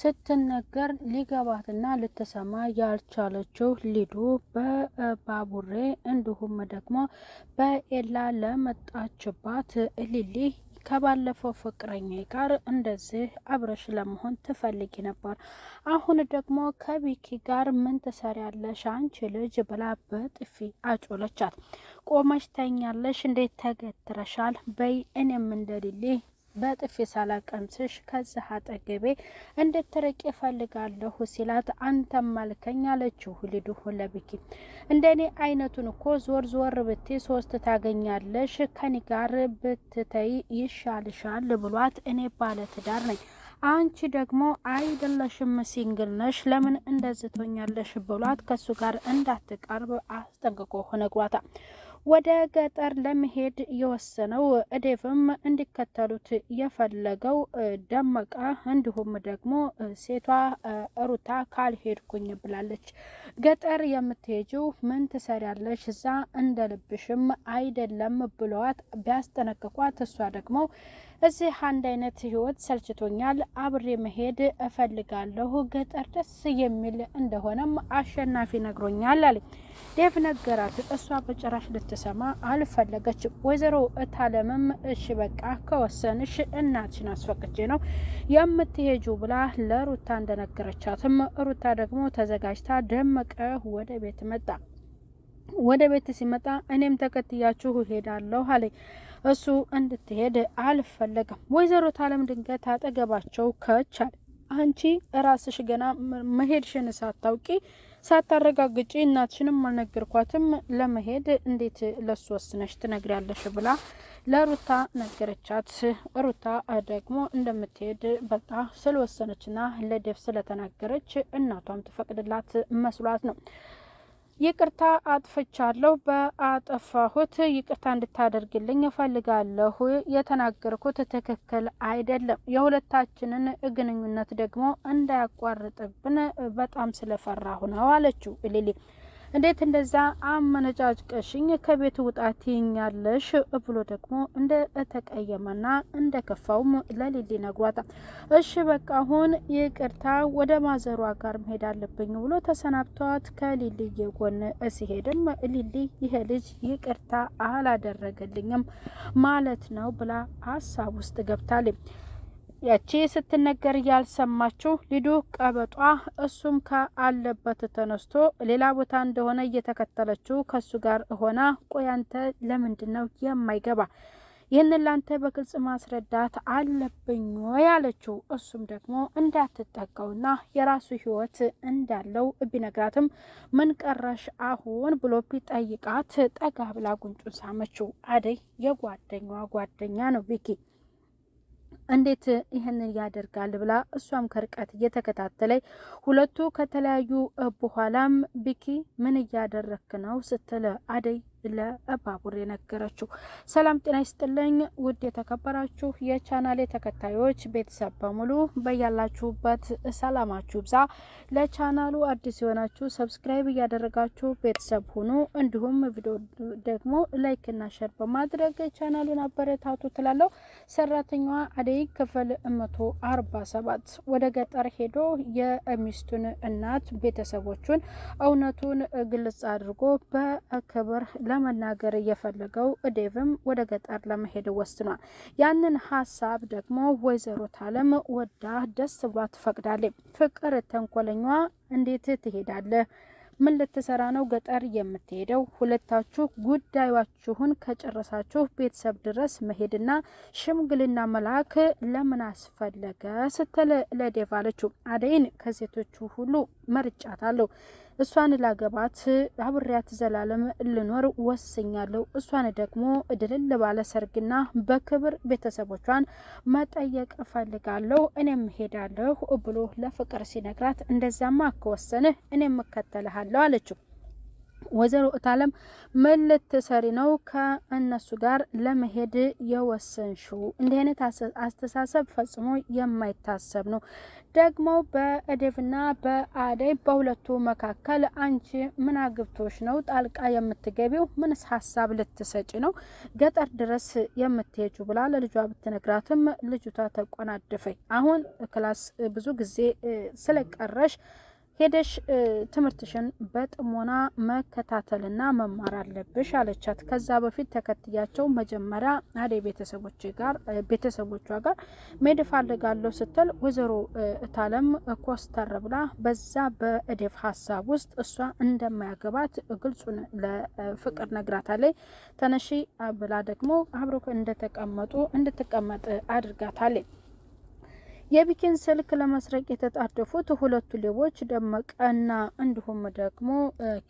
ስትነገር ሊገባትና ልትሰማ ያልቻለችው ሊዱ በባቡሬ እንዲሁም ደግሞ በኤላ ለመጣችባት ሊሊ ከባለፈው ፍቅረኛ ጋር እንደዚህ አብረሽ ለመሆን ትፈልጊ ነበር፣ አሁን ደግሞ ከቢኪ ጋር ምን ትሰሪያለሽ አንቺ ልጅ ብላ በጥፊ አጮለቻት። ቆመሽ ተኛለሽ እንዴት ተገትረሻል? በይ እኔም እንደ በጥፊ ሳላቀምስሽ ከዚህ አጠገቤ እንድትርቅ ይፈልጋለሁ ሲላት አንተም ማልከኝ አለችው። ልድሁ እንደ እንደኔ አይነቱን እኮ ዞር ዞር ብቴ ሶስት ታገኛለሽ ከኔ ጋር ብትተይ ይሻልሻል ብሏት እኔ ባለትዳር ነኝ አንቺ ደግሞ አይደለሽም፣ ሲንግል ነሽ፣ ለምን እንደዚህ ትሆኛለሽ ብሏት ከሱ ጋር እንዳትቀርብ አስጠንቅቆ ነግሯታል። ወደ ገጠር ለመሄድ የወሰነው ዴቭም እንዲከተሉት የፈለገው ደመቀ እንዲሁም ደግሞ ሴቷ ሩታ ካልሄድኩኝ ብላለች። ገጠር የምትሄጂው ምን ትሰሪያለሽ? እዛ እንደ ልብሽም አይደለም ብለዋት ቢያስጠነቅቋት፣ እሷ ደግሞ እዚህ አንድ አይነት ህይወት ሰልችቶኛል፣ አብሬ መሄድ እፈልጋለሁ፣ ገጠር ደስ የሚል እንደሆነም አሸናፊ ነግሮኛል አለኝ። ዴቭ ነገራት። እሷ በጭራሽ ልትሰማ አልፈለገች። ወይዘሮ እታለምም እሺ በቃ ከወሰንሽ እናትሽን አስፈቅጄ ነው የምትሄጁ ብላ ለሩታ እንደነገረቻትም ሩታ ደግሞ ተዘጋጅታ ደመቀ ወደ ቤት መጣ። ወደ ቤት ሲመጣ እኔም ተከትያችሁ እሄዳለሁ አለኝ። እሱ እንድትሄድ አልፈለገም። ወይዘሮ ታለም ድንገት አጠገባቸው ከቻል አንቺ ራስሽ ገና መሄድሽን ሳታውቂ ሳታረጋግጪ እናትሽንም አልነገርኳትም ለመሄድ እንዴት ለሱ ወስነሽ ትነግሪያለሽ? ብላ ለሩታ ነገረቻት። ሩታ ደግሞ እንደምትሄድ በቃ ስለወሰነችና ለደፍ ስለተናገረች እናቷም ትፈቅድላት መስሏት ነው ይቅርታ አጥፍቻለሁ፣ በአጠፋሁት ይቅርታ እንድታደርግልኝ እፈልጋለሁ። የተናገርኩት ትክክል አይደለም። የሁለታችንን ግንኙነት ደግሞ እንዳያቋርጥብን በጣም ስለፈራሁ ነው አለችው ሊሊ። እንዴት እንደዛ አመነጫጭቀሽኝ ከቤት ውጣ ትይኛለሽ ብሎ ደግሞ እንደ ተቀየመና እንደ ከፋውም ለሊሊ ነግሯታል። እሺ በቃ አሁን ይቅርታ ወደ ማዘሯ ጋር መሄድ አለብኝ ብሎ ተሰናብቷት ከሊሊ ጎን ሲሄድም ሊሊ ይሄ ልጅ ይቅርታ አላደረገልኝም ማለት ነው ብላ ሀሳብ ውስጥ ገብታለች። ያቺ ስትነገር ያልሰማችው ሊዱ ቀበጧ እሱም ከአለበት ተነስቶ ሌላ ቦታ እንደሆነ እየተከተለችው ከሱ ጋር ሆና ቆይ አንተ ለምንድን ነው የማይገባ ይህንን ላንተ በግልጽ ማስረዳት አለብኝ ወይ አለችው። እሱም ደግሞ እንዳትጠቀውና የራሱ ህይወት እንዳለው ቢነግራትም ምን ቀረሽ አሁን ብሎ ቢጠይቃት ጠጋ ብላ ጉንጩን ሳመችው። አደይ የጓደኛዋ ጓደኛ ነው ቪኪ እንዴት ይህንን ያደርጋል ብላ እሷም ከርቀት እየተከታተለች ሁለቱ ከተለያዩ በኋላም ቢኪ ምን እያደረክ ነው ስትል አደይ ለባቡር የነገረችው። ሰላም ጤና ይስጥልኝ ውድ የተከበራችሁ የቻናሌ ተከታዮች ቤተሰብ በሙሉ በያላችሁበት ሰላማችሁ ብዛ። ለቻናሉ አዲስ የሆናችሁ ሰብስክራይብ እያደረጋችሁ ቤተሰብ ሁኑ። እንዲሁም ቪዲዮ ደግሞ ላይክ እና ሸር በማድረግ ቻናሉን አበረታቱ ትላለው። ሰራተኛዋ አደይ ክፍል መቶ አርባ ሰባት ወደ ገጠር ሄዶ የሚስቱን እናት ቤተሰቦቹን እውነቱን ግልጽ አድርጎ በክብር ለመናገር እየፈለገው እዴቭም ወደ ገጠር ለመሄድ ወስኗል። ያንን ሀሳብ ደግሞ ወይዘሮ ታለም ወዳ ደስ ብሏ ትፈቅዳለች። ፍቅር ተንኮለኛ እንዴት ትሄዳለህ? ምን ልትሰራ ነው ገጠር የምትሄደው? ሁለታችሁ ጉዳያችሁን ከጨረሳችሁ ቤተሰብ ድረስ መሄድና ሽምግልና መላክ ለምን አስፈለገ? ስትል ለዴቭ አለችው። አደይን ከሴቶቹ ሁሉ መርጫታለሁ እሷን ላገባት አብሬያት ዘላለም ልኖር ወስኛለሁ። እሷን ደግሞ እድልል ባለ ሰርግና በክብር ቤተሰቦቿን መጠየቅ እፈልጋለሁ፣ እኔም ሄዳለሁ ብሎ ለፍቅር ሲነግራት እንደዛማ ከወሰንህ እኔም እከተልሃለሁ አለችው። ወይዘሮ እታለም ምን ልትሰሪ ነው ከእነሱ ጋር ለመሄድ የወሰንሽው? እንዲህ አይነት አስተሳሰብ ፈጽሞ የማይታሰብ ነው። ደግሞ በእድብና በአደይ በሁለቱ መካከል አንቺ ምን አግብቶች ነው ጣልቃ የምትገቢው? ምንስ ሀሳብ ልትሰጪ ነው ገጠር ድረስ የምትሄጁ? ብላ ለልጇ ብትነግራትም ልጅቷ ተቆናደፈኝ። አሁን ክላስ ብዙ ጊዜ ስለቀረሽ ሄደሽ ትምህርትሽን በጥሞና መከታተልና መማር አለብሽ አለቻት። ከዛ በፊት ተከትያቸው መጀመሪያ አደይ ቤተሰቦች ጋር ቤተሰቦቿ ጋር መሄድ እፈልጋለሁ ስትል ወይዘሮ እታለም ኮስተር ብላ በዛ በእድፍ ሀሳብ ውስጥ እሷ እንደማያገባት ግልጹን ለፍቅር ነግራታለች። ተነሺ ብላ ደግሞ አብሮ እንደተቀመጡ እንድትቀመጥ አድርጋታለች። የቢኪን ስልክ ለመስረቅ የተጣደፉት ሁለቱ ሌቦች ደመቀና እንዲሁም ደግሞ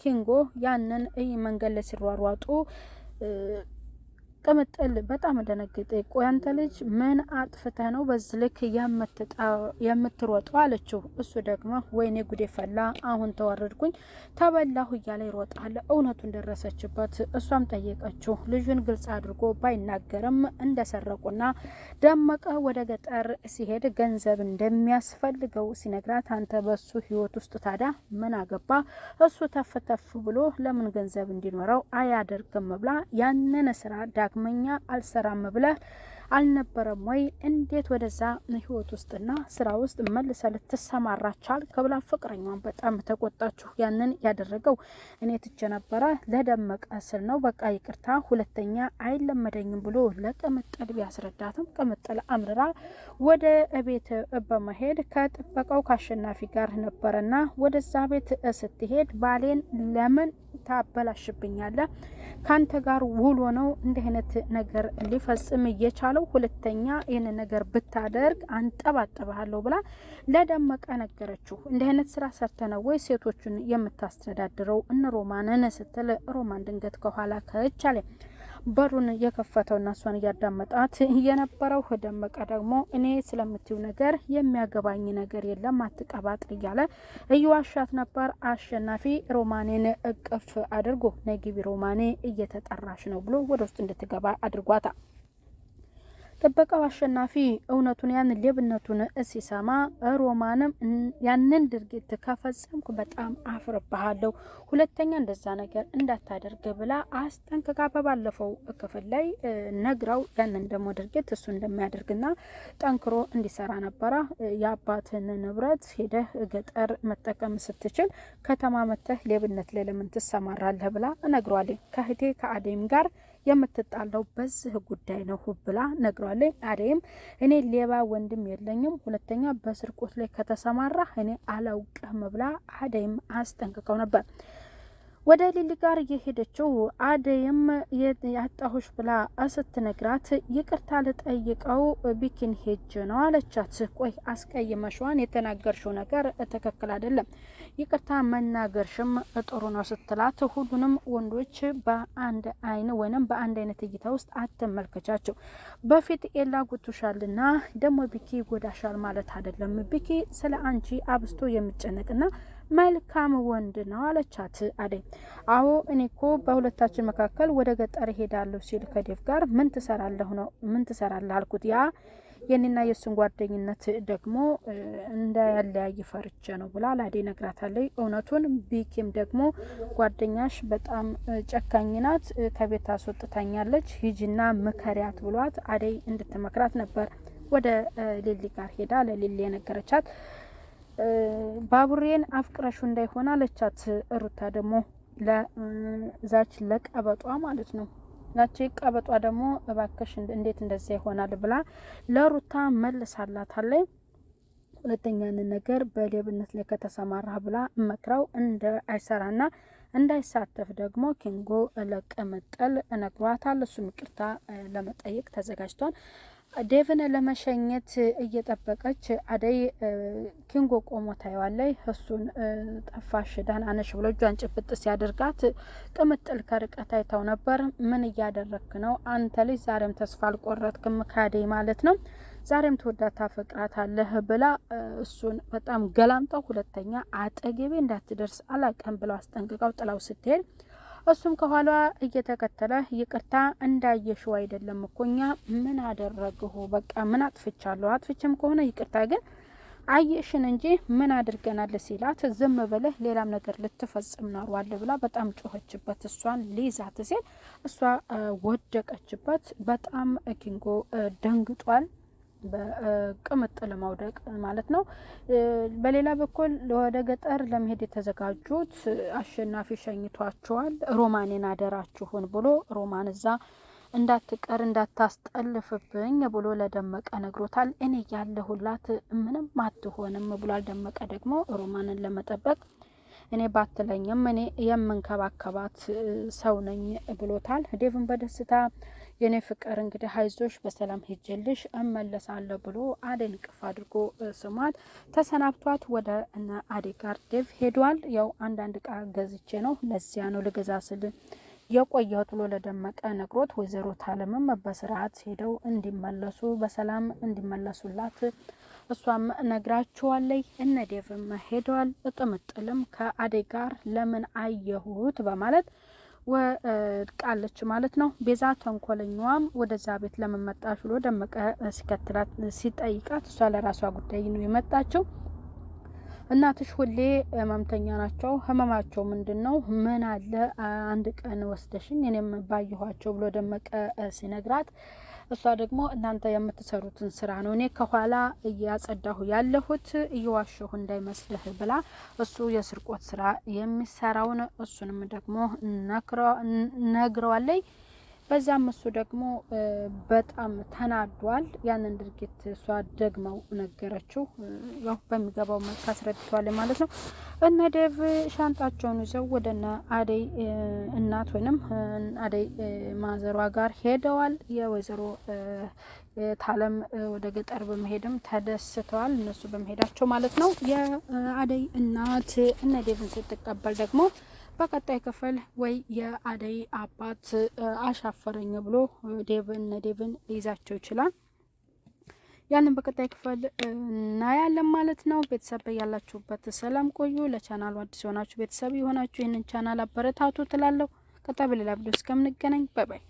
ኪንጎ ያንን መንገድ ላይ ሲሯሯጡ ቅምጥል በጣም ደነገጠ። ቆይ አንተ ልጅ ምን አጥፍተህ ነው በዚህ ልክ የምትሮጠው አለችው። እሱ ደግሞ ወይኔ ጉዴ ፈላ፣ አሁን ተዋረድኩኝ፣ ተበላሁ እያለ ይሮጣል። እውነቱን ደረሰችበት። እሷም ጠየቀችው። ልጁን ግልጽ አድርጎ ባይናገርም እንደሰረቁና ደመቀ ወደ ገጠር ሲሄድ ገንዘብ እንደሚያስፈልገው ሲነግራት አንተ በሱ ህይወት ውስጥ ታዲያ ምን አገባ? እሱ ተፍ ተፍ ብሎ ለምን ገንዘብ እንዲኖረው አያደርግም ብላ ያንን ስራ ዳግመኛ አልሰራም ብለህ አልነበረም ወይ? እንዴት ወደዛ ህይወት ውስጥና ስራ ውስጥ መልሰ ልትሰማራ ቻልክ? ብላ ፍቅረኛዋን በጣም ተቆጣችሁ። ያንን ያደረገው እኔ ትቼ ነበረ ለደመቀ ስል ነው። በቃ ይቅርታ፣ ሁለተኛ አይለመደኝም ብሎ ለቅምጥል ቢያስረዳትም ቅምጥል አምርራ ወደ ቤት በመሄድ ከጥበቃው ከአሸናፊ ጋር ነበረና ወደዛ ቤት ስትሄድ ባሌን ለምን ታበላሽብኛለህ ካንተ ጋር ውሎ ነው እንዲህ አይነት ነገር ሊፈጽም እየቻለው። ሁለተኛ ይህን ነገር ብታደርግ አንጠባጥብሃለሁ ብላ ለደመቀ ነገረችው። እንዲህ አይነት ስራ ሰርተ ነው ወይ ሴቶቹን የምታስተዳድረው እነ ሮማንን ስትል ሮማን ድንገት ከኋላ ከቻለ በሩን ና እሷን እያዳመጣት የነበረው ደመቀ ደግሞ እኔ ስለምትው ነገር የሚያገባኝ ነገር የለም አትቀባጥ እያለ እየዋሻት ነበር። አሸናፊ ሮማኔን እቅፍ አድርጎ ነጊቢ ሮማኔ እየተጠራሽ ነው ብሎ ወደ ውስጥ እንድትገባ አድርጓታል። ጥበቃው አሸናፊ እውነቱን ያን ሌብነቱን ሲሰማ ሮማንም ያንን ድርጊት ከፈጸምኩ በጣም አፍርብሃለሁ፣ ሁለተኛ እንደዛ ነገር እንዳታደርግ ብላ አስጠንቅቃ በባለፈው ክፍል ላይ ነግራው ያንን ደግሞ ድርጊት እሱ እንደሚያደርግና ጠንክሮ እንዲሰራ ነበረ። የአባትን ንብረት ሄደህ ገጠር መጠቀም ስትችል ከተማ መተህ ሌብነት ላይ ለምን ትሰማራለህ ብላ ነግሯል። ከህቴ ከአዴም ጋር የምትጣለው በዚህ ጉዳይ ነው ብላ ነግሯለች። አደይም እኔ ሌባ ወንድም የለኝም፣ ሁለተኛ በስርቆት ላይ ከተሰማራ እኔ አላውቅም ብላ አደይም አስጠንቅቀው ነበር። ወደ ሊሊ ጋር እየሄደችው አደይም ያጣሁሽ ብላ ስትነግራት ይቅርታ ልጠይቀው ቢኪን ሄጅ ነው አለቻት። ቆይ አስቀይመሽዋን የተናገርሽው ነገር ትክክል አይደለም፣ ይቅርታ መናገርሽም ጥሩ ነው ስትላት ሁሉንም ወንዶች በአንድ አይን ወይም በአንድ አይነት እይታ ውስጥ አትመልከቻቸው። በፊት ኤላ ጉቱሻልና ደግሞ ቢኪ ጎዳሻል ማለት አይደለም። ቢኪ ስለ አንቺ አብስቶ የሚጨነቅና መልካም ወንድ ነው አለቻት አደይ። አዎ እኔ ኮ በሁለታችን መካከል ወደ ገጠር ሄዳለሁ ሲል ከዴቭ ጋር ምን ትሰራለሁ ነው ምን ትሰራለህ አልኩት። ያ የኔና የእሱን ጓደኝነት ደግሞ እንዳያለያይ ፈርቼ ነው ብላ ላዴ ነግራታለች። እውነቱን ቢኪም ደግሞ ጓደኛሽ በጣም ጨካኝ ናት፣ ከቤት አስወጥታኛለች፣ ሂጂና ምከሪያት ብሏት አደይ እንድትመክራት ነበር ወደ ሊሊ ጋር ሄዳ ለሊሊ የነገረቻት ባቡሬን አፍቅረሹ እንዳይሆን አለቻት። እሩታ ደግሞ ለዛች ለቀበጧ ማለት ነው። ያቺ ቀበጧ ደግሞ እባክሽ እንዴት እንደዚያ ይሆናል ብላ ለሩታ መልሳላታለች። ሁለተኛን ነገር በሌብነት ላይ ከተሰማራ ብላ መክራው እንደ አይሰራና እንዳይሳተፍ ደግሞ ኪንጎ ለቀመጠል ነግሯታል። እሱም ይቅርታ ለመጠየቅ ተዘጋጅቷል። ዴቭን ለመሸኘት እየጠበቀች አደይ ኪንጎ ቆሞ ታየዋለይ። እሱን ጠፋሽ ደህና ነሽ ብሎ እጇን ጭብጥ ሲያደርጋት ቅምጥል ከርቀት አይተው ነበር። ምን እያደረክ ነው አንተ ልጅ? ዛሬም ተስፋ አልቆረጥክም ካደይ ማለት ነው። ዛሬም ተወዳታ ፍቅራት አለህ ብላ እሱን በጣም ገላምጠው፣ ሁለተኛ አጠገቤ እንዳትደርስ አላቀም ብለው አስጠንቅቀው ጥላው ስትሄድ እሱም ከኋላ እየተከተለ ይቅርታ እንዳየሽው አይደለም እኮ እኛ ምን አደረግሁ በቃ ምን አጥፍቻለሁ? አጥፍቼም ከሆነ ይቅርታ ግን አየሽን እንጂ ምን አድርገናል ሲላት ዝም ብለህ ሌላም ነገር ልትፈጽም ናሯል ብላ በጣም ጮኸችበት። እሷን ሊይዛት ሲል እሷ ወደቀችበት። በጣም ኪንጎ ደንግጧል። በቅምጥ ለማውደቅ ማለት ነው። በሌላ በኩል ወደ ገጠር ለመሄድ የተዘጋጁት አሸናፊ ሸኝቷቸዋል። ሮማኔን አደራችሁን ብሎ ሮማን እዛ እንዳትቀር እንዳታስጠልፍብኝ ብሎ ለደመቀ ነግሮታል። እኔ ያለሁላት ምንም አትሆንም ብሏል። ደመቀ ደግሞ ሮማንን ለመጠበቅ እኔ ባትለኝም እኔ የምንከባከባት ሰው ነኝ ብሎታል። ዴቭን በደስታ የኔ ፍቅር እንግዲህ ሀይዞች በሰላም ሄጀልሽ እመለሳለሁ ብሎ አደይን ቅፍ አድርጎ ስሟት ተሰናብቷት ወደ አደይ ጋር ዴቭ ሄዷል። ያው አንዳንድ እቃ ገዝቼ ነው ለዚያ ነው ልገዛ ስል የቆየሁት ብሎ ለደመቀ ነግሮት፣ ወይዘሮ ታለምም በስርዓት ሄደው እንዲመለሱ በሰላም እንዲመለሱላት እሷም ነግራችኋለይ። እነ ዴቭም ሄደዋል። እጥምጥልም ከአደይ ጋር ለምን አየሁት በማለት ወድቃለች ማለት ነው። ቤዛ ተንኮለኛዋም ወደዛ ቤት ለመመጣች ብሎ ደመቀ ሲከትላት ሲጠይቃት እሷ ለራሷ ጉዳይ ነው የመጣችው። እናትሽ ሁሌ ህመምተኛ ናቸው። ህመማቸው ምንድን ነው? ምን አለ አንድ ቀን ወስደሽኝ እኔም ባየኋቸው ብሎ ደመቀ ሲነግራት እሷ ደግሞ እናንተ የምትሰሩትን ስራ ነው እኔ ከኋላ እያጸዳሁ ያለሁት እየዋሸሁ እንዳይመስልህ ብላ እሱ የስርቆት ስራ የሚሰራውን እሱንም ደግሞ ነግረዋለይ በዛም እሱ ደግሞ በጣም ተናዷል። ያንን ድርጊት እሷ ደግመው ነገረችው። ያው በሚገባው መልክ አስረድቷል ማለት ነው። እነ ዴቭ ሻንጣቸውን ይዘው ወደ እነ አደይ እናት ወይንም አደይ ማዘሯ ጋር ሄደዋል። የወይዘሮ ታለም ወደ ገጠር በመሄድም ተደስተዋል እነሱ በመሄዳቸው ማለት ነው። የአደይ እናት እነ ዴቭን ስትቀበል ደግሞ በቀጣይ ክፍል ወይ የአደይ አባት አሻፈረኝ ብሎ ዴቭን ዴቭን ሊይዛቸው ይችላል። ያንን በቀጣይ ክፍል እናያለን ማለት ነው። ቤተሰብ ያላችሁበት ሰላም ቆዩ። ለቻናሉ አዲስ የሆናችሁ ቤተሰብ የሆናችሁ ይህንን ቻናል አበረታቱ ትላለሁ። ቀጣይ በሌላ ቪዲዮ እስከምንገናኝ ባይ ባይ።